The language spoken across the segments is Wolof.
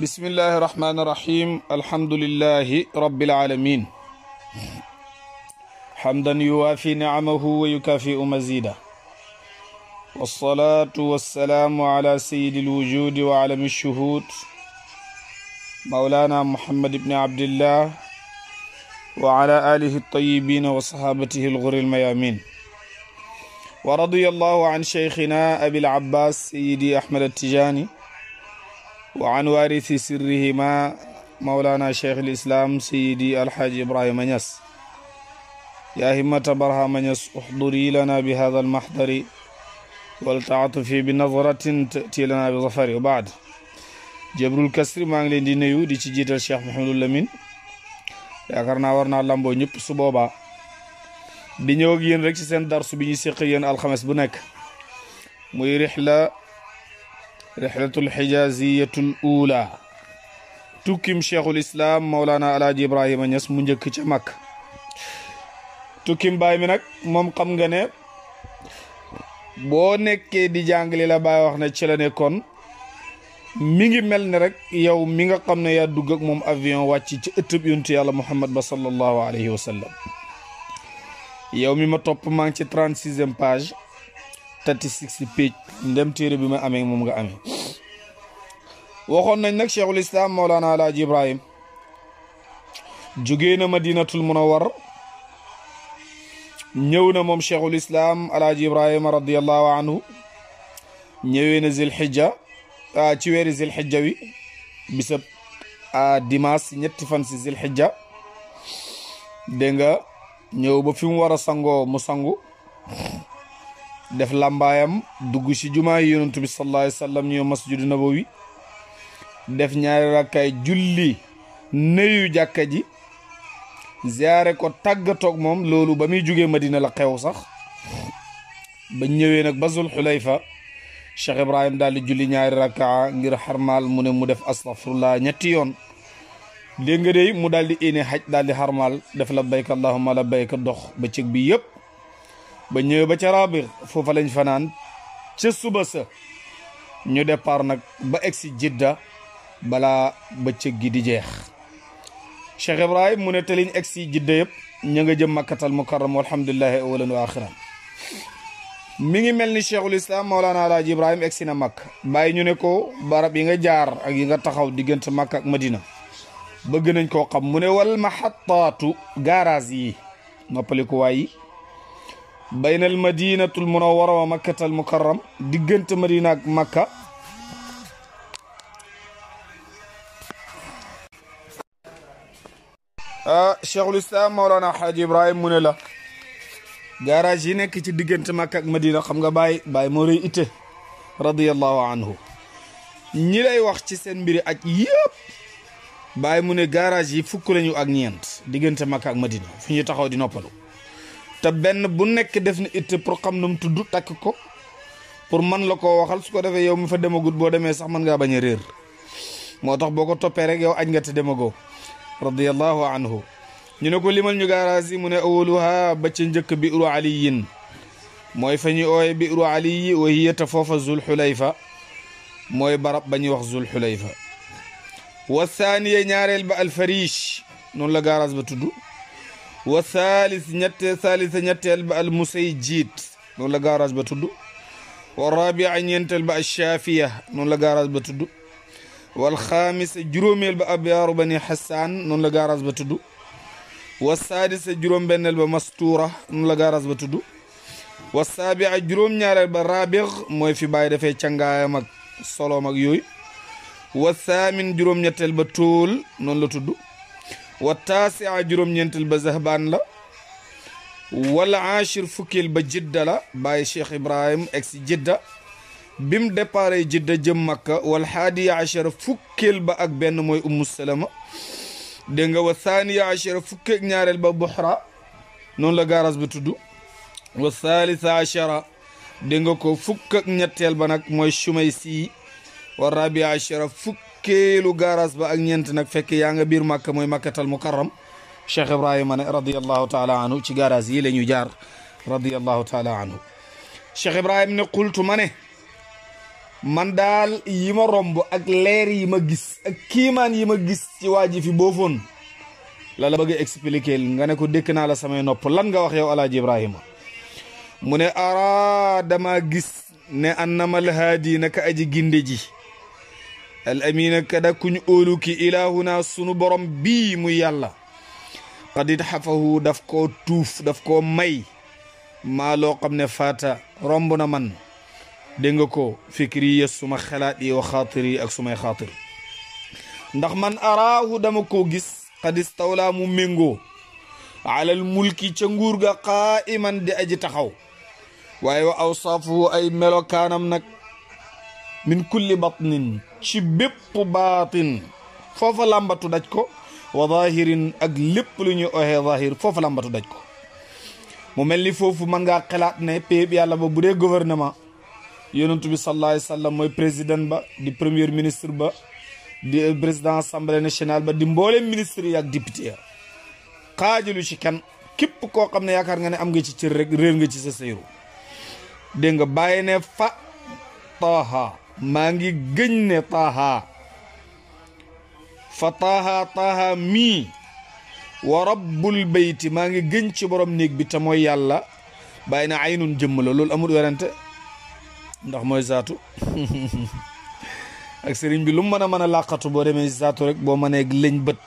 بسم الله الرحمن الرحيم الحمد لله رب العالمين حمدا يوافي نعمه ويكافئ مزيدا والصلاة والسلام على سيد الوجود وعلم الشهود مولانا محمد بن عبد الله وعلى آله الطيبين وصحابته الغر الميامين ورضي الله عن شيخنا أبي العباس سيدي أحمد التجاني وعن وارث سرهما مولانا شيخ الإسلام سيدي الحاج إبراهيم نس يا همة برهام نس احضري لنا بهذا المحضر ولتعطفي بنظرة تأتي لنا بظفر وبعد جبر الكسر ما انجلين دي نيو دي تجيت الشيخ محمد اللمين يا كرنا ورنا اللمبو نيب سبوبا دي نيوغين ركسي سن درس بني سيقين الخمس بنك موي رحلة رحلة الحجازية الأولى tukkim cheikhul islam maulana alaaji ibrahima ñas mu njëkk ca mag tukkim baay mi nag moom xam nga ne boo nekkee di jàngale la baay wax ne ci la nekkoon mi ngi mel ne rek yow mi nga xam ne yaa dugg ak moom avion wàcc ci ëttëb yontu yàlla muhammad ba sallallahu alayhi wa sallam yow mi ma topp maa ngi ci trente sixième page 36 page ndem téere bi ma amee moom nga amee waxoon nañ nag cheikhul islam Mawlana Alaaji Ibrahim jógee na madinatul munawwar ñëw na moom cheikhul islam Alaaji Ibrahima radiyallahu anhu ñëwee na zilxijja ah, ci weeri zilxijja wi bisab ah, dimanche ñetti fan si zilxijja dégg nga ñëw ba fi mu war a sangoo mu sangu def làmbaayam dugg ci jumaa yi yonantu bi sallallahu alayhi wa sallam ñëw masjidu nabawi def ñaari rakkaay julli nuyu jàkka ji ziyaare ko tàggatoog moom loolu ba muy jógee madina la xew sax ba ñëwee nag ba zul xulayfa cheikh ibrahim daal julli ñaari rakkaa ngir xarmaal mu ne mu def astafurlaa ñetti yoon dégg nga dey mu daal di ine xaj daal di xarmaal def la bayka allahumma la dox ba cëg bi yëpp ba ñëw ba ci rabir fofu lañ fanaan ci suba sa ñu départ nak ba exi Jidda ba ci gi di jeex Cheikh Ibrahim mu ne te liñ exi Jidda yeb ña nga jëm makkatal mukarram walhamdulillahi awwalan wa akhiran mi ngi melni cheikhul islam Maulana Alaaji Ibrahim exi na Makka bay ñu ne ko barab yi nga jaar ak yi nga taxaw digënt Makka ak medina bëgg nañ ko xam mu ne wal mahattatu garage yi noppalikuwaay yi baynal madinatul munawwara wa makkatal mukarram diggante madina ak makka cheikhul islam maolana haaji ibrahim mu ne la garage yi nekk ci diggante makka ak madina xam nga bàyyi bàyyi moo rëy itte radiallahu anhu ñi lay wax ci seen mbiri aj yëpp bàyyi mu ne garage yi fukk lañu ak ñeent diggante makka ak madina fi ñu taxaw di noppalu te benn bu nekk def na it pour xam nu mu tudd takk ko pour man la ko waxal su ko defee yow mi fa demagut boo demee sax mën ngaa bañ a réer moo tax boo ko toppee rek yow aj nga te demagoo radiyallahu anhu ñu ne ko limal ñu gaaraas yi mu ne awaluha ba ci njëkk biiru aliyin mooy fa ñuy ooye biiru aliyi wa hiyata foofa zul xulayfa mooy barab ba ñuy wax zul xulayfa wa thaniya ñaareel ba alfarish noonu la gaaraas ba tudd وثالث نت ثالث نت المسيجيت نون لا غاراج بتدو والرابع نت الشافيه نون لا غاراج بتدو والخامس جروميل بابيار بني حسان نون لا غاراج بتدو والسادس جروم بنل بمستوره نون لا غاراج بتدو والسابع جروم نيار البرابغ موي في باي دافي تشانغاي مك سولو مك يوي والثامن جروم نيتل بتول نون لا تدو wa taasia juróom-ñeenteel ba zahbaan la wala achir fukkeel ba jidda la bàyyi cheikh ibrahim egg si bim départ jidda jëm makka wal haadiya achara fukkeel ba ak benn mooy ummu salama dégg nga wa thaniya achara fukkeeg ba buxra noonu la gaaras ba tudd wa thalitha achara dégg ko fukk ba nag mooy chumay sii wa rabia achara fukk fukkeelu gaaraas ba ak ñeent nag fekk yaa nga biir màkk mooy makkatal mukarram cheikh ibrahima ne radiallahu taala anhu ci gaaraas yi la ñu jaar radiallahu taala anhu cheikh ibrahima ne qultu ma ne man daal yi ma romb ak leer yi ma gis ak kiimaan yi ma gis ci waa ji fi boofoon la la bëgg a expliquer nga ne ko dékk naa la samay nopp lan nga wax yow alaaji ibrahima mu ne ara dama gis ne annama lhaadi naka aji ginde ji al amina kada kuñ óolu ki ilaahuna sunu borom bii muy yàlla xadit xafahu daf koo tuuf daf koo may maa loo xam ne faata romb na man dégg nga ko fikri suma xalaat yi wa yi ak sumay xaatir ndax man araahu dama koo gis xadis tawlaa mu méngoo alal mulki ca nguur ga qaa'iman di aji taxaw waaye wa awsaafuhu ay melokaanam nag min kulli batnin ci bépp baatin foofa lambatu daj ko wa zahirin ak lépp lu ñuy oxee zahir foofa lambatu daj ko mu mel ni foofu mën ngaa xalaat ne pays yàlla ba bu dee gouvernement yonentu bi sallallahu alayhi wa mooy président ba di premier ministre ba di euh, président assemblée national ba di mbooleem ministre yi ak député ya xaajalu ci kenn képp ko xam ne yaakaar nga ne am nga ci cër rek réer nga ci sa seyru dégg nga bàyyi ne fa taha maa ngi gëñ ne taaha fa taaha taaha mii wa rabbul bayti maa ngi gëñ ci borom néeg bi te mooy yàlla bàyyi na aynun jëmm la loolu amul werante ndax mooy zaatu ak sëriñ bi lum mën a mën a làqatu boo demee si zaatu rek boo mënee lëñ bët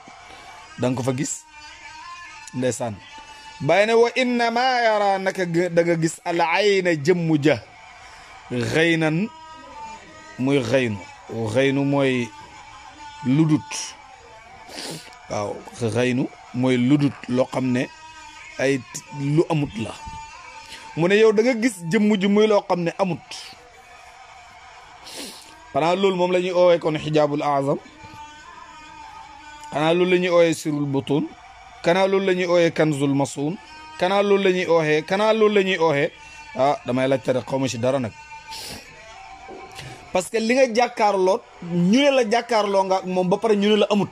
da ko fa gis ndeysaan bàyyi ne wa innama yara naka da gis al ayna jëmm ja xëynan muy xëynu xëynu mooy ludut waaw xëynu mooy ludut loo xam ne ay lu amut la mu ne yow da gis jëmm ji muy loo xam ne amut xanaa loolu moom la ñuy oowee kon xijaabul azam xanaa loolu la ñuy oowee sirul butun kanaa loolu la ñuy ooyee kanzul masuun kanaa loolu la ñuy ooxee kanaa loolu la ñuy ah damay laajte rek ci dara nag parce que li nga jakarlo ñu ne la jakarlo nga mom ba paré ñu la amut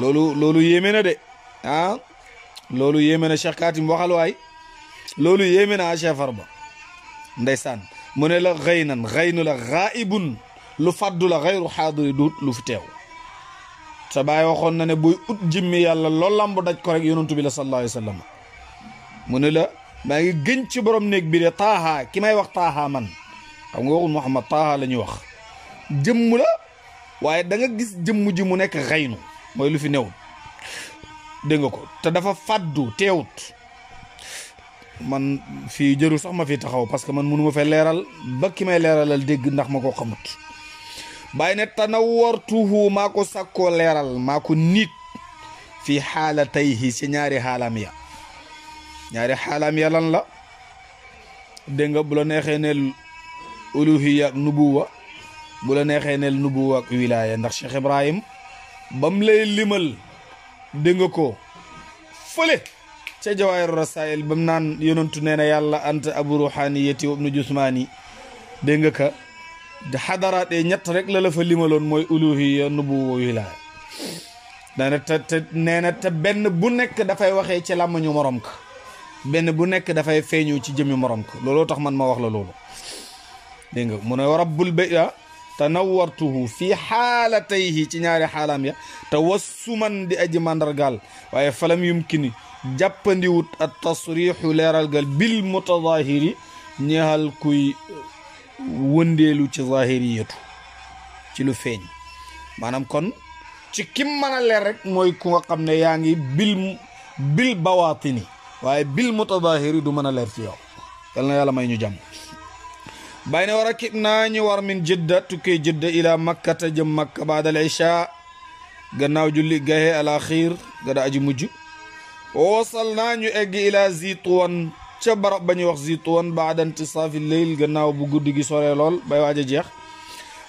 lolu lolu yéme na dé ah lolu yéme na Cheikh Katim waxal way lolu yéme na Cheikh Farba ndaysan mune la raibun, nan xëynu la xaaibun lu faddu la ghayru hadir duut lu fi tew sa bay waxon na né buy ut jimmi yalla lool lamb daj ko rek yonantu bi sallallahu alayhi wasallam mune la ngi gën borom neeg bi re taaha ki may wax taaha man xam nga waxul Mouhamad Taha la ñuy wax jëmm la waaye da nga gis jëmm ji mu nekk xaynu mooy lu fi newul dégg nga ko te dafa fàddu teewut man fii jëru sax ma fi taxaw parce que man mënu ma fay leeral ba ki may leeralal dégg ndax ma ko xamut bàyyi ne tanawartuhu maa ko sakkoo leeral maa ko niit fi xaalatayhi si ñaari xaalaam ya ñaari xaalaam ya lan la dégg nga bu la neexee ne uluhiya ak nubuwa bu la nexé nel nubuwa ak wilaya ndax Cheikh Ibrahim bam lay limal de nga ko fële ci jawaayiru rasail bam nan yonentou neena yàlla anta abu ruhaniyati ibn jusmani de nga ka hadara de ñet rek la la fa limalon moy uluhiya nubuwa wilaya dana te te nee na te benn bu nekk dafay waxee ci làmmañu morom ka ben bu da fay feñu ci jëmi morom ka lolo tax man ma wax la lolo dégg nga mu a rabbul bay ah tanawartuhu tey xaalatayhi ci ñaari xaalaam ya te wassuman di aji mandargaal waaye falam yumkini jàppandiwut at tasrixu leeral gal bil mutazahiri ñeexal kuy uh, wëndeelu ci zahiri yetu ci lu feeñ maanaam kon ci kim mën a mooy ku nga xam ne yaa ngi bil bil bawaatini waaye bil mutazahiri du mën a leer ci may ñu jam bay ne war a kib naa ñu war min jidda tukkee jidda ila makkata jëm makka baadal isha gannaaw julli gahe alaxiir gada aji mujj naa ñu egg ila zituwan ca barab ba ñuy wax zituwan baada intisaafi leyl gannaaw bu guddi gi soree lool bay waaj a jeex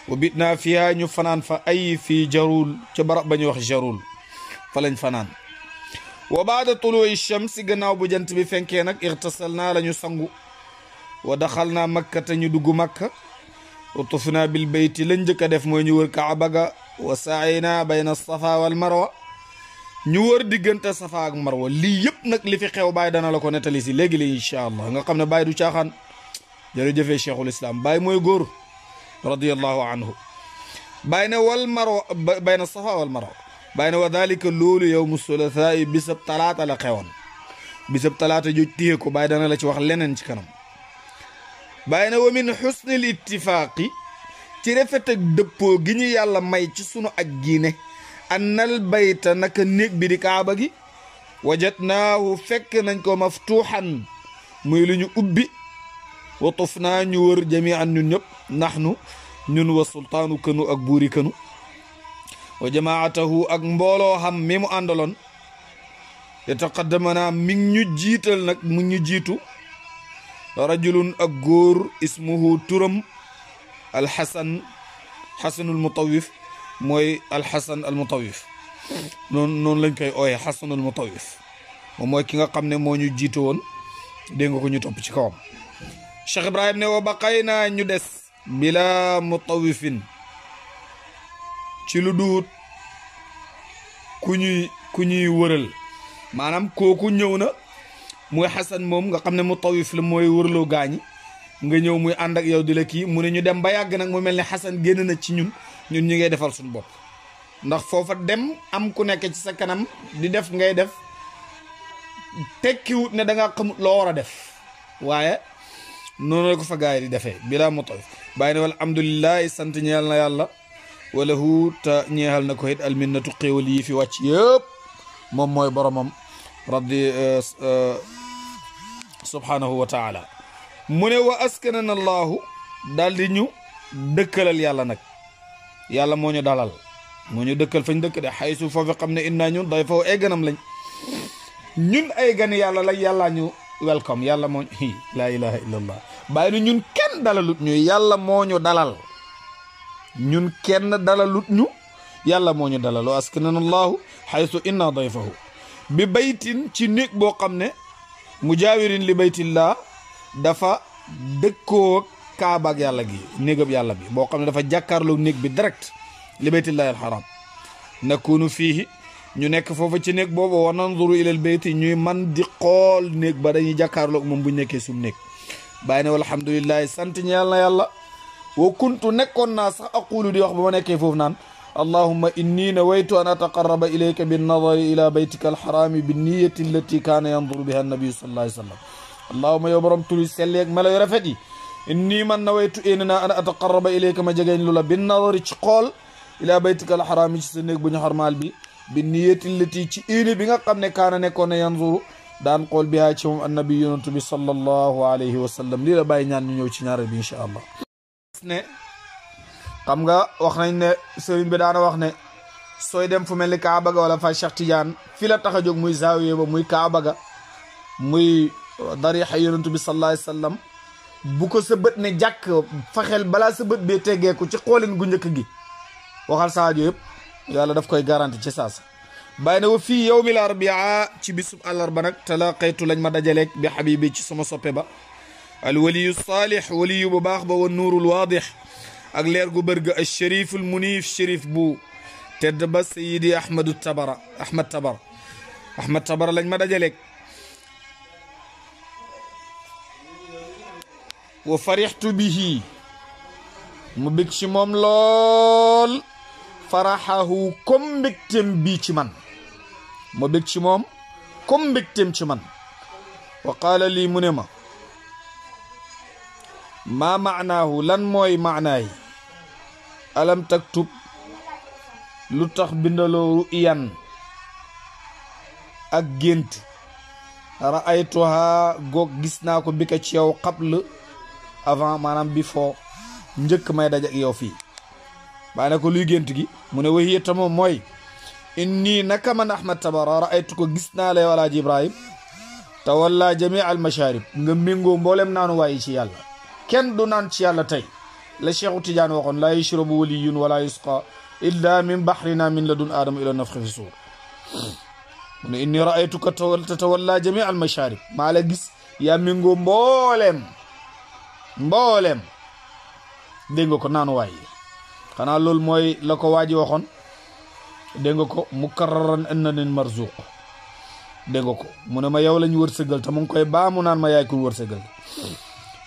wa bit naa fiyaa ñu fanaan fa ay fi jarul ca barab ba ñuy wax jarul fa lañ fanaan wa baada tuluwi shams gannaaw bu jant bi fenkee nag irtasal naa la ñu sangu ودخلنا مكة ندوغ مكة وطفنا بالبيت لنجك دف موي نيور كعبة وسعينا بين الصفا والمروة نيور ديغنت الصفا والمروة لي ييب نك لي في خيو باي دانا لاكو نيتالي لي ان شاء الله nga xamne baye du chaxan jere jeffe cheikhul islam baye رضي الله عنه بين والمروة بين الصفا والمروة بين وذلك لول يوم الثلاثاء بسب ثلاثة لقيون بسب ثلاثة جو تيكو بعد أنا لك وخ كنم bay na wa min xusnil ittifaaqi ci rafet ak dëppoo gi ñu yàlla may ci sunu ak gi ne annal bayta naka néeg bi di kaaba gi wajat naahu fekk nañ ko maftuuxan muy lu ñu ubbi watuf naa ñu wër jamian ñun ñëpp nax nu ñun wa sultaanu kënu ak buuri kënu wa ak mbooloo xam mi mu àndaloon nag mu ñu jiitu rajulun ak góor ismu turam alxasan xasanul mutawif mooy alxasan al mu mutawif noonu noonu lañ koy ooyee xasanul mutawif moom mooy ki nga xam ne moo ñu jiite woon dégg nga ko ñu topp ci kawam Cheikh Ibrahim ne wa baqay naa ñu des bila mutawifin ci lu duut ku ñu ku ñuy wëral maanaam kooku ñëw na muy xasan moom nga xam ne mu tawif la mooy wërloo gaañi nga ñëw muy ànd ak yow di la kii mu ne ñu dem ba yàgg nag mu mel ne xasan génn na ci ñun ñun ñu ngay defal suñu bopp ndax foofa dem am ku nekk ci sa kanam di def ngay def tekkiwut ne danga nga loo war a def waaye noonu la ko fa gars yi di defee bilaa mu tawif bàyyi ne wala alhamdulilah sant ñeel na yàlla wala huuta ñeexal na ko it alminnatu xéewal yi fi wàcc moom mooy boromam radi euh, euh, subhaanahu wa taala mu ne wa askanana allahu daal di ñu dëkkalal yàlla nag yàlla moo ñu dalal moo ñu dëkkal fañ dëkk de xaysu foofu xam ne innaa ñun day faw ay ganam lañ ñun ay gan yàlla lañ yàllaa ñu welcome yàlla moo ñu laa ilaha illallah bàyyi nu ñun kenn dalalut ñu yàlla moo ñu dalal ñun kenn dalalut ñu yàlla moo ñu dalal wa askanana allahu xaysu innaa dayfahu bi baytin ci néeg boo xam ne mujaawirin li baytillah dafa dëkkoo kaabaak yàlla gi néegab yàlla bi boo xam ne dafa jàkkaarloo néeg bi direct li baytillahi alxaram nakunu fiihi ñu nekk foofu ci néeg boobu wa nanzuru ilal bayti ñuy man di xool néeg ba dañuy jàkkaarloog moom bu nekkee suñu néeg bàyyi ne walhamdulillahi sant ñeel na yàlla wa kuntu nekkoon naa sax aqulu di wax ba ma nekkee foofu naan اللهم إني نويت أن أتقرب إليك بالنظر إلى بيتك الحرام بالنية التي كان ينظر بها النبي صلى الله عليه وسلم اللهم يا برم تولي سليك ملا يرفدي إني من نويت إننا أن أتقرب إليك ما جاين لولا بالنظر تقول إلى بيتك الحرام سنك بني حرمال بي بالنية التي تشيني بنا قمنا كان نكون ينظر دان قول بها تشوم النبي ينتبي صلى الله عليه وسلم لي رباي نان نيو إن شاء الله xam nga wax nañ ne serigne bi daana wax ne sooy dem fu melni Kaaba ga wala fa Cheikh Tidiane fi la taxajuk muy zaawiye ba muy Kaaba ga muy darixa yonentu bi sallallahu alayhi wasallam bu ko sa beut ne jàkk faxel balaa sa be tege ko ci xoolin gu ñeuk gi waxal saajo yëpp yàlla daf koy garantie ci saasa bayna na wa fii yawmil arbia ci bisub àllarba nak talaqaytu lañ ma dajale bi habibi ci sama soppe ba al waliyu saalix waliyu bu baax ba wa nuurul waadix ak leer gu bër ga chériful munif chérif bu tedd ba sayidi ahmadu tabara ahmad tabara ahmad tabara lañ ma dajaleeg wa farixtu bihi mu bég ci moom lool faraxahu comme mbégteem bii ci man ma bég ci moom comme mbégteem ci man wa qaala lii mu ne ma maa maanaahu lan mooy maanaay alam taktub lu tax bindaloo ru'yan ak gént ra'aytuha goog gis naa ko bi ka ci yow xable avant maanaam bi foo njëkk may daj ak yow fii baa ko luy gént gi mu ne waxiye ta moom mooy inni naka man ahmad tabara ra'aytu ko gis naa lay walaaji ibrahim te walla jamii al masharib nga méngoo mboolem naanu waayi ci yàlla kenn du naan ci yàlla tey la cheikhu tidiane waxoon laa yushrabu waliyun wala yusqa illa min bahrina min ladun aadama ila nafxi fi suur mu inni raaytuka tatawalla jami al masharib maa la gis yaa mingoo mbooleem mbooleem dégg nga ko naanu xanaa loolu mooy la ko waaji waxoon dégg nga ko mukarraran anna nin marzuq dégg ko mu ne ma yow lañ wërsëgal te mu ngi koy baa mu naan ma yaay ku wërsëgal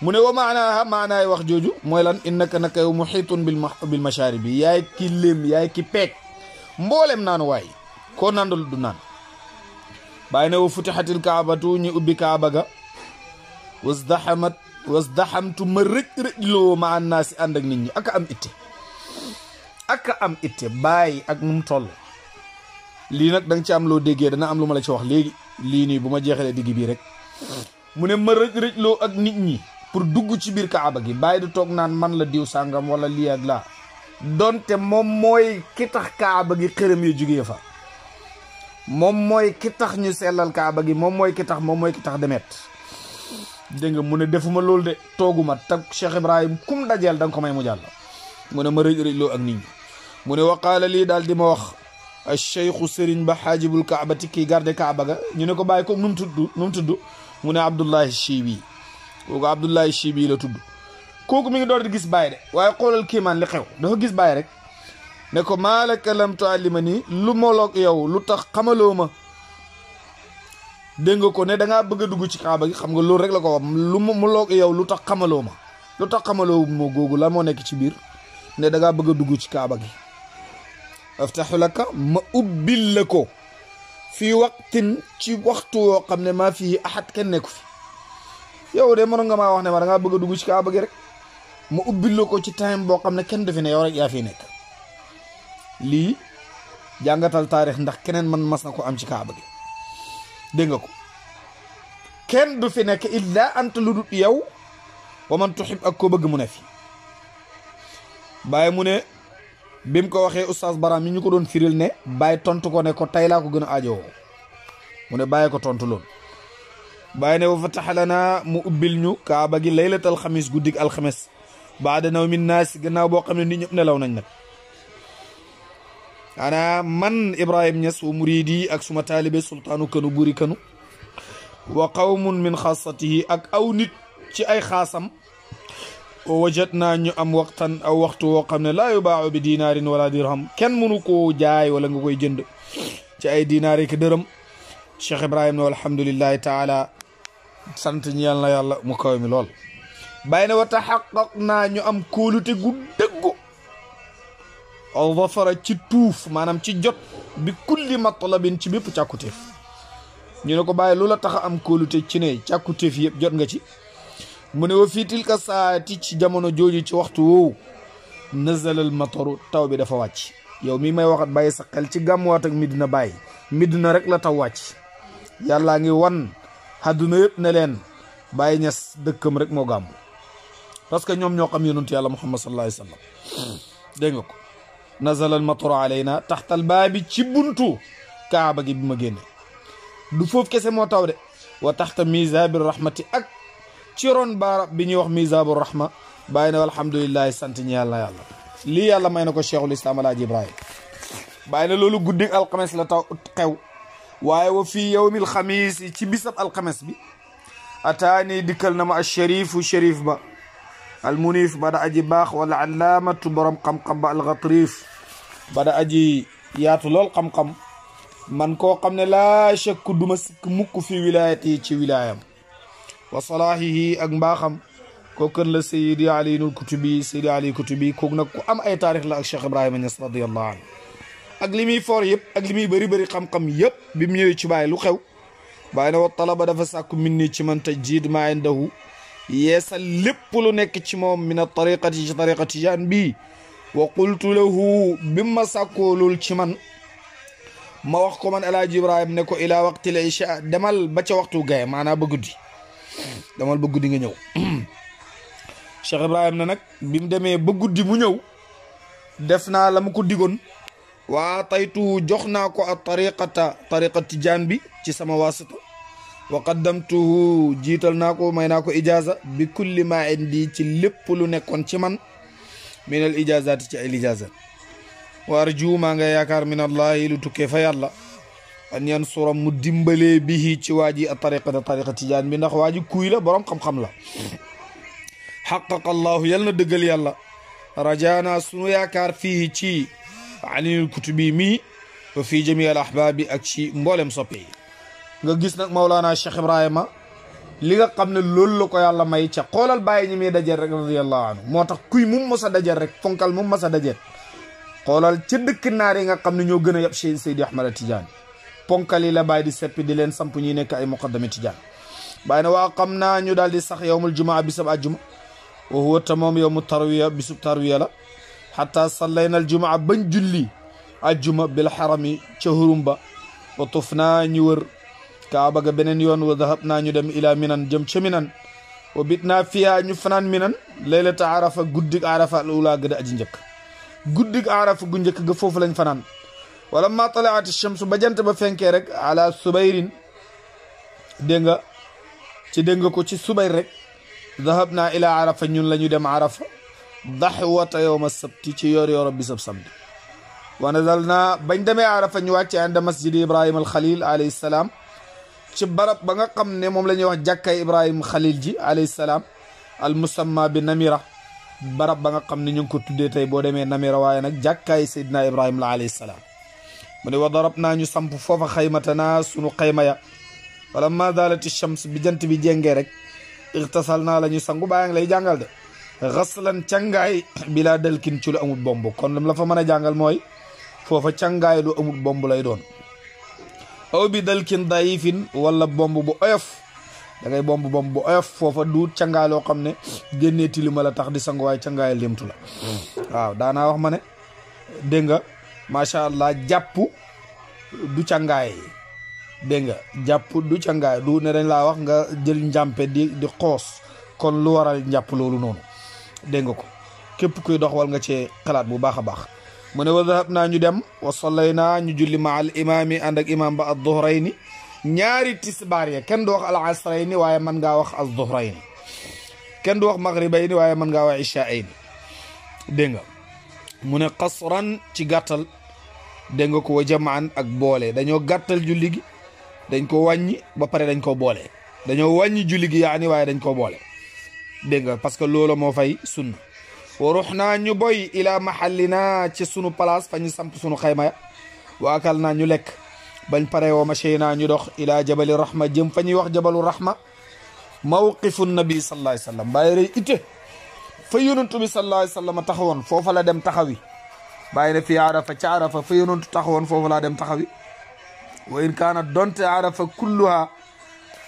mu ne wa maanaaha maanaay wax joju moy lan innaka naka yow muxiitun bil bil masharibi yaay ki lém yaay ki pek mbollem nan way ko nandul du nan bayna wa futihatil ka'batu ni ubi ka'ba ga wazdahamat wazdahamtu marik rilo ma an ànd ak nit ñi aka am itte aka am itte bay ak num toll li nak dang ci am lo dege dana am luma la ci wax legi li ni buma ma digi bi rek mune ne ma ak nit ñi pour dugg ci biir kaaba gi bàyyi du toog naan man la diw sàngam wala lii ak laa donte moom mooy ki tax kaaba gi xërëm yu jugee fa moom mooy ki tax ñu sellal kaaba gi moom mooy ki tax moom mooy ki tax demet dégg nga mu ne defuma loolu de tooguma tag Cheikh Ibrahim kum dajeel da nga ko may mu jàll mu ma rëj rëjloo ak nit ñi mu ne waqaala lii daal di ma wax a cheikhu sëriñ ba xaajibul kaabati kii garde kaaba ga ñu ne ko bàyyi ko nu mu tudd nu mu tudd mu ne Abdullahi Chiibi kooku Abdoulaye Chibi la tudd kooku mi ngi door di gis baay de waaye xoolal kiimaan li xew dafa gis bàyyi rek ne ko maalaka lam tuallima nii lu moloog yow lu tax xamaloo ma dégg nga ko ne da ngaa bëgg dugg ci kaaba gi xam nga loolu rek la ko wax lu moloog yow lu tax xamaloo ma lu tax xamaloo ma googu la moo nekk ci biir ne da ngaa bëgg a dugg ci kaaba gi aftaxu laka ma ubbil la ko fii waqtin ci waxtu woo xam ne maa fii axat kenn nekku fi yow de mënoon nga maa wax ne ma da ngaa bëgg a dugg ci kaaba gi rek mu ubbil ko ci time boo xam ne kenn du fi ne yow rek yaa fi nekk lii jàngatal taarix ndax keneen man mas na ko am ci kaaba gi dégg nga ko kenn du fi nekk illa ant lu dul yow wa man tuxib ak ko bëgg mu ne fi bàyyi mu ne bi mu ko waxee oustaz Baram mi ñu ko doon firil ne bàyyi tontu ko ne ko tey laa ko gën a aajowoo mu ne bàyyi ko tontu loolu bàyyi ne wa fataxa mu ubbil ñu kaaba gi laylat alxamis guddig alxames baada naw min naas gannaaw boo xam ne nit ñëpp nelaw nañ nag ana man Ibrahim Niass wa muridi ak suma taalibe sultaanu kanu buri kanu wa qawmun min xaasatihi ak aw nit ci ay xaasam wajat naa ñu am waxtan aw waxtu woo xam ne laa yubaaxu bi dinaarin wala dirham kenn mënu ko jaay wala nga koy jënd ci ay dinaari ki dërëm Cheikh Ibrahim ne alhamdulillahi taala sant ñeel na yàlla mu kaw mi lool bàyyi ne wa taxaqaq naa ñu am kóolute gu dëggu aw wafara ci tuuf maanaam ci jot bi kulli matalabin ci bépp càkkutéef ñu ne ko bàyyi lu la tax a am kóolute ci ne càkkutéef yëpp jot nga ci mu ne wa fii tilka saati ci jamono jooju ci waxtu woowu nazalal mataru taw bi dafa wàcc yow mii may waxat bàyyi ci xel ci gàmmuwaat ak Medina Baye na rek la taw wàcc yàllaa ngi wan àdduna yëpp ne leen Baye Niass dëkkam rek moo gàmmu parce que ñoom ñoo xam yonentu yàlla Muhammad sallallahu alayhi wa sallam dégg nga ko nazala al matar alayna taxtal baabi ci buntu kaaba gi bu ma génne du foofu kese moo taw de wa taxta misabi rahmati ak ci ron baarab bi ñuy wax misabu rahma bàyyi na alhamdulillahi sant ñi yàlla yàlla yàlla may na ko cheikhul islam alaaji ibrahima bàyyi na loolu guddi alxames la taw xew waye wa fi yawmil xamiis ci bisab alxames bi ataani dikkal na ma asharifu sharif ba almunif bada aji bax wal allaamatu borom xam-xam ba alxatriif bada aji yaatu lol xam-xam man ko xamne la shakku duma sik mukk fi wilayati ci wilayam wa salahihi ak mbaxam mbaaxam kookan la ali aliyinul kutubi sayidi ali kutubi ko nak ko am ay tarikh la ak cheikh ibrahim ñas radiallahu anhu ak li muy for yëpp ak li muy bëri bëri xam yëpp bi mu ñëwee ci bàyyi lu xew bàyyi na wa talaba dafa sàkku min ci man te ma maa indahu yeesal lépp lu nekk ci moom min a tariqati ci tariqa bii wa qultu lahu bi ma sàkkoo lool ci man ma wax ko man alaaji ibrahim ne ko ilaa waqtil isha demal ba ca waxtu gaye maanaa ba guddi demal ba guddi ñëw cheikh ibrahim mu demee ba guddi mu ñëw def naa la mu ko digoon waa taytuhu jox naa ko a tariqata tariqa jaan bi ci sama wasita wa qaddamtuhu jiital naa ko may naa ko ijaza bi kulli ma indi ci lépp lu nekkoon ci man min al ijazaati ci ay ijazat wa arju maa nga yaakaar min allahi lu tukkee fa yàlla an yansura mu dimbalee bihi ci waa ji a tariqata tariqa tijaan bi ndax waa ji kuy borom xam-xam la xaqaqa allahu yal na dëggal yàlla rajaana alil kutubi mii ba fii jami al ahbaabi ak ci mboolem soppe yi nga gis nag Mawlaana Cheikh Ibrahima li nga xam ne loolu la ko yàlla may ca xoolal bàyyi ñi muy dajeel rek radiyallahu moo tax kuy mum mas a rek ponkal mum mas a dajeel xoolal naar yi nga xam ne ñoo gën a yab Cheikh Seydi Ahmad Tidiane ponkal yi la bàyyi di seppi di leen samp ñuy nekk ay muqaddami Tidiane bàyyi na waa xam naa ñu daal di sax yowmul jumaa bisab àjjuma wa huwa tamoom yowmu tarwiya bisub tarwiya la xataa sallayna aljumaa bañ julli ajjuma bil xarami ca hurumba wa tuf naa ñu wër kaaba ga beneen yoon wa dahab ñu dem ila minan jëm ca minan wa bit ñu fanaan minan laylata arafa guddig arafa al ula da aji njëkk arafa gu njëkk ga foofu lañ fanaan wala ma talaat shamsu ba jant ba fenkee rek ala subayrin dégg nga ci dégg ko ci subayr rek dahab naa ila arafa ñun la dem arafa daxwata yowma sabti ci yor yoro bisab samedi wa nazalna bañ demee a ñu wàcce ànd masjidi ibrahima alxalil alayhi salaam ci barab ba nga xam ne moom la ñuy wax jàkkay ibrahima xalil ji alayhi salaam al musamma bi namira barab ba nga xam ne ñu ko tuddee tey boo demee namira waaye nag jàkkaay seydina ibrahima la alayhi salaam mu ne wa darab naa ñu samp foofa xaymatana sunu xayma ya wala ma daalati shams bi jant bi jéngee rek ixtasal naa la ñu sangu baa ngi lay jàngal de xaslan càngaay bilaa dalkin ci lu amul bomb kon lam la fa mën a jàngal mooy foofa càngaay lu amul bomb lay doon aw bi dalkin dayifin wala bomb bu oyof dangay bomb bomb bu oyof foofa duut càngaay loo xam ne génnee tilima la tax di sanguwaay càngaay limtu la waaw daanaa wax ma ne dégg nga macha allah jàpp du càngaay dégg nga jàpp du càngaay du ne dañ laa wax nga jël njàmpe di di xoos kon lu waral njàpp loolu noonu dégg ko kep kuy dox wal nga ci bu baakha a baax mu wa dahab ñu dem wa sallayna ñu julli ma al imam andak imam ba ba dhuhrayn ñaari tisbar ya ken do wax al asrayn waye man nga wax dhuhrayn ken do wax maghribayn waye man nga wax ishaayn dégg nga mu qasran ci gatal dégg nga ko jamaan ak boole dañu gatal julli gi dañ ko wañi ba pare dañ ko boole dañu wañi julli gi yaani waye dañ ko boole dégg nga parce que loolu moo fay sunna wa rux naa ñu boy ila mahallina ci sunu place fa ñu samp sunu xayma wa akal naa ñu lekk bañ pare wa machay naa ñu dox ila jabali rahma jëm fa ñuy wax jabalu rahma mawqifu nabi sallallahu alayhi sallam bàyyi rey itte fa yonantu bi sallallahu alayhi sallam taxawoon foofa la dem taxawi bàyyi ne fi arafa ci arafa fa yonantu taxawoon foofa laa dem taxawi wa in kaana donte arafa kulluha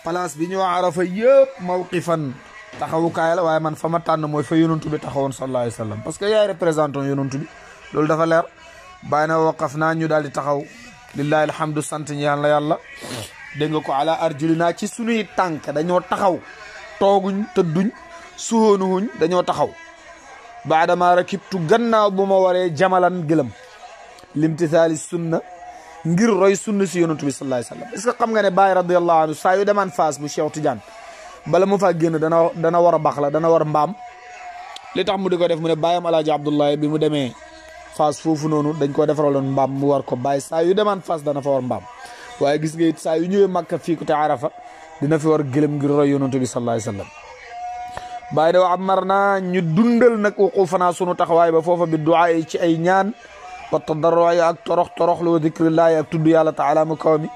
place bi ñoo arafa yëpp mawqifan taxawukaay la waaye man fa ma tànn mooy fa yonantu bi taxawoon sallallahu alayhi wa sallam parce que yaay représentant yonantu bi loolu dafa leer bàyyi na waqaf naa ñu daal di taxaw lillahi alhamdu sant ñaan la yàlla dégg nga ko ala arjulina ci sunuy tànk dañoo taxaw tooguñ tëdduñ suhoonuhuñ dañoo taxaw baadama rakibtu gannaaw bu ma waree jamalan gëlëm limtisaali sunna ngir roy sunna si yonantu bi sallallahu alayhi wa sallam est ce que xam ne Baye saa yu demaan Faas bu Cheikh Tidiane bala mu faa dana dana wara bax la dana wara mbaam li tax mu diko def mu ne bayam alaaji abdullah bi mu demee fas fofu nonu dañ ko won mbaam mu war ko bay sa yu demane fas dana fa war mbaam waye gis ngey sa yu ñewé makka fi ku ta arafa dina fi war gelem ngir roy yonantu bi sallallahu alayhi wasallam bàyyi de amarna ñu dundal nag wuquufanaa sunu taxway ba fofu bi du'a ci ay ñaan wa tadarroyi ak torokh torokh lu wa dikrillaahi ak tudd yàlla taala mu kaw mi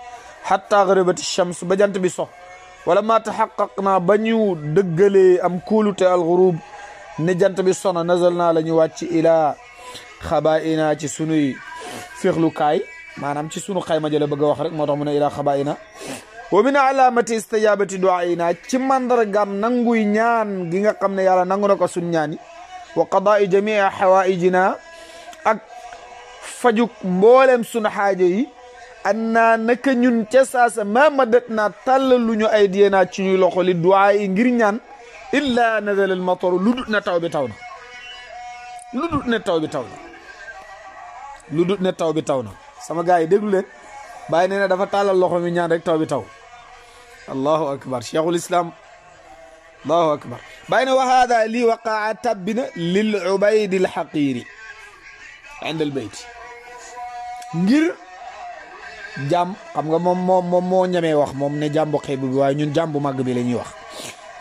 xatta shams ba bi sokh wala ma taxaqaq naa ba ñu dëggalee am kuulute alxurub ne jant bi sona nazal naa la ñu wàcc ilaa xabaa ina ci sunuy féexlukaay maanaam ci sunu xayma jële bëgg a wax moo tax mu ne ilaa xabaa ina wa min alaamati istijaabati duaayina ci mandargaam nanguy ñaan gi nga xam ne yàlla nangu na ko sun ñaani wa qadaai jamii xawaijina ak fajuk mboolem sunu xaaja yi anna naka ñun ca saasa mamadat na tàllalu ñu ay diyenaa ci ñuy loxo li duwaa yi ngir ñaan illa nazala al mataru lu dut ne taw bi taw na lu dut ne taw bi taw na lu dut ne taw bi taw na sama gars yi déglu leen bàyyi nee na dafa tàllal loxo mi ñaan rek taw bi taw allahu akbar cheikhul islam allahu akbar bàyyi ne wa hada lii waqaa tabbina lil ubaydi al xaqiri ind al bayt ngir jaam xam nga moom moom moom moo ñemee wax moom ne jaam bu xeeb bi waaye ñun jaam bu màgg bi la ñuy wax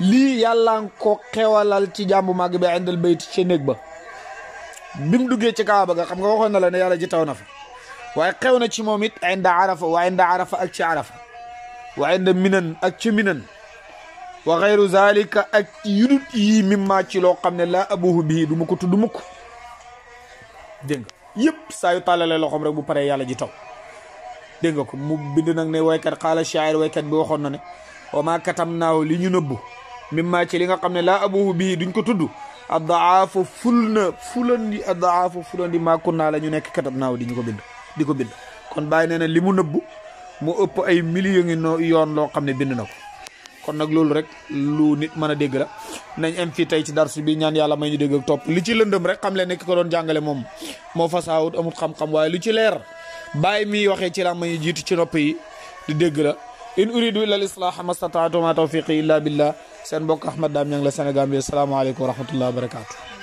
lii yàlla ko xewalal ci jaam bu màgg bi indal bayt ci néeg ba bi mu duggee ci kaaba ga xam nga waxoon na la ne yàlla ji taw na fa waaye xew na ci moom it inda arafa wa inda arafa ak ci arafa wa inda minan ak ci minan wa xayru zalika ak yudut yii mimma ci loo xam ne laa abuhu bii du ma ko tudd mukk dégg nga yëpp saa yu tàllalee loxoom rek bu paree yàlla ji taw dégg mubidunang ko mu bind nak ne qala sha'ir way kat bi waxoon na ne wa maa katam li ñu nëbbu mimma ci li nga xamne la abuhu bi duñ ko fulandi fulandi ma kunna la ñu nek di ñu ko bind di bind kon bay nee na li mu nëbbu mu ëpp ay million ngi no yoon lo xamne bind kon nak lolu rek lu nit meuna deg la nañ am fi tay ci su bi ñaan yalla may ñu deg ak top li ci rek xam le nek ko doon amut xam-xam way lu ci leer baay mi waxee ci làmmañ yi jiitu ci nopp yi di dégg la in uridu illa al islaaha mastataatu ma tawfiqi illa billah seen mbokk Ahmad Dame Niang la Sénégal bi asalaamaaleykum wa rahmatullah wa barakaatu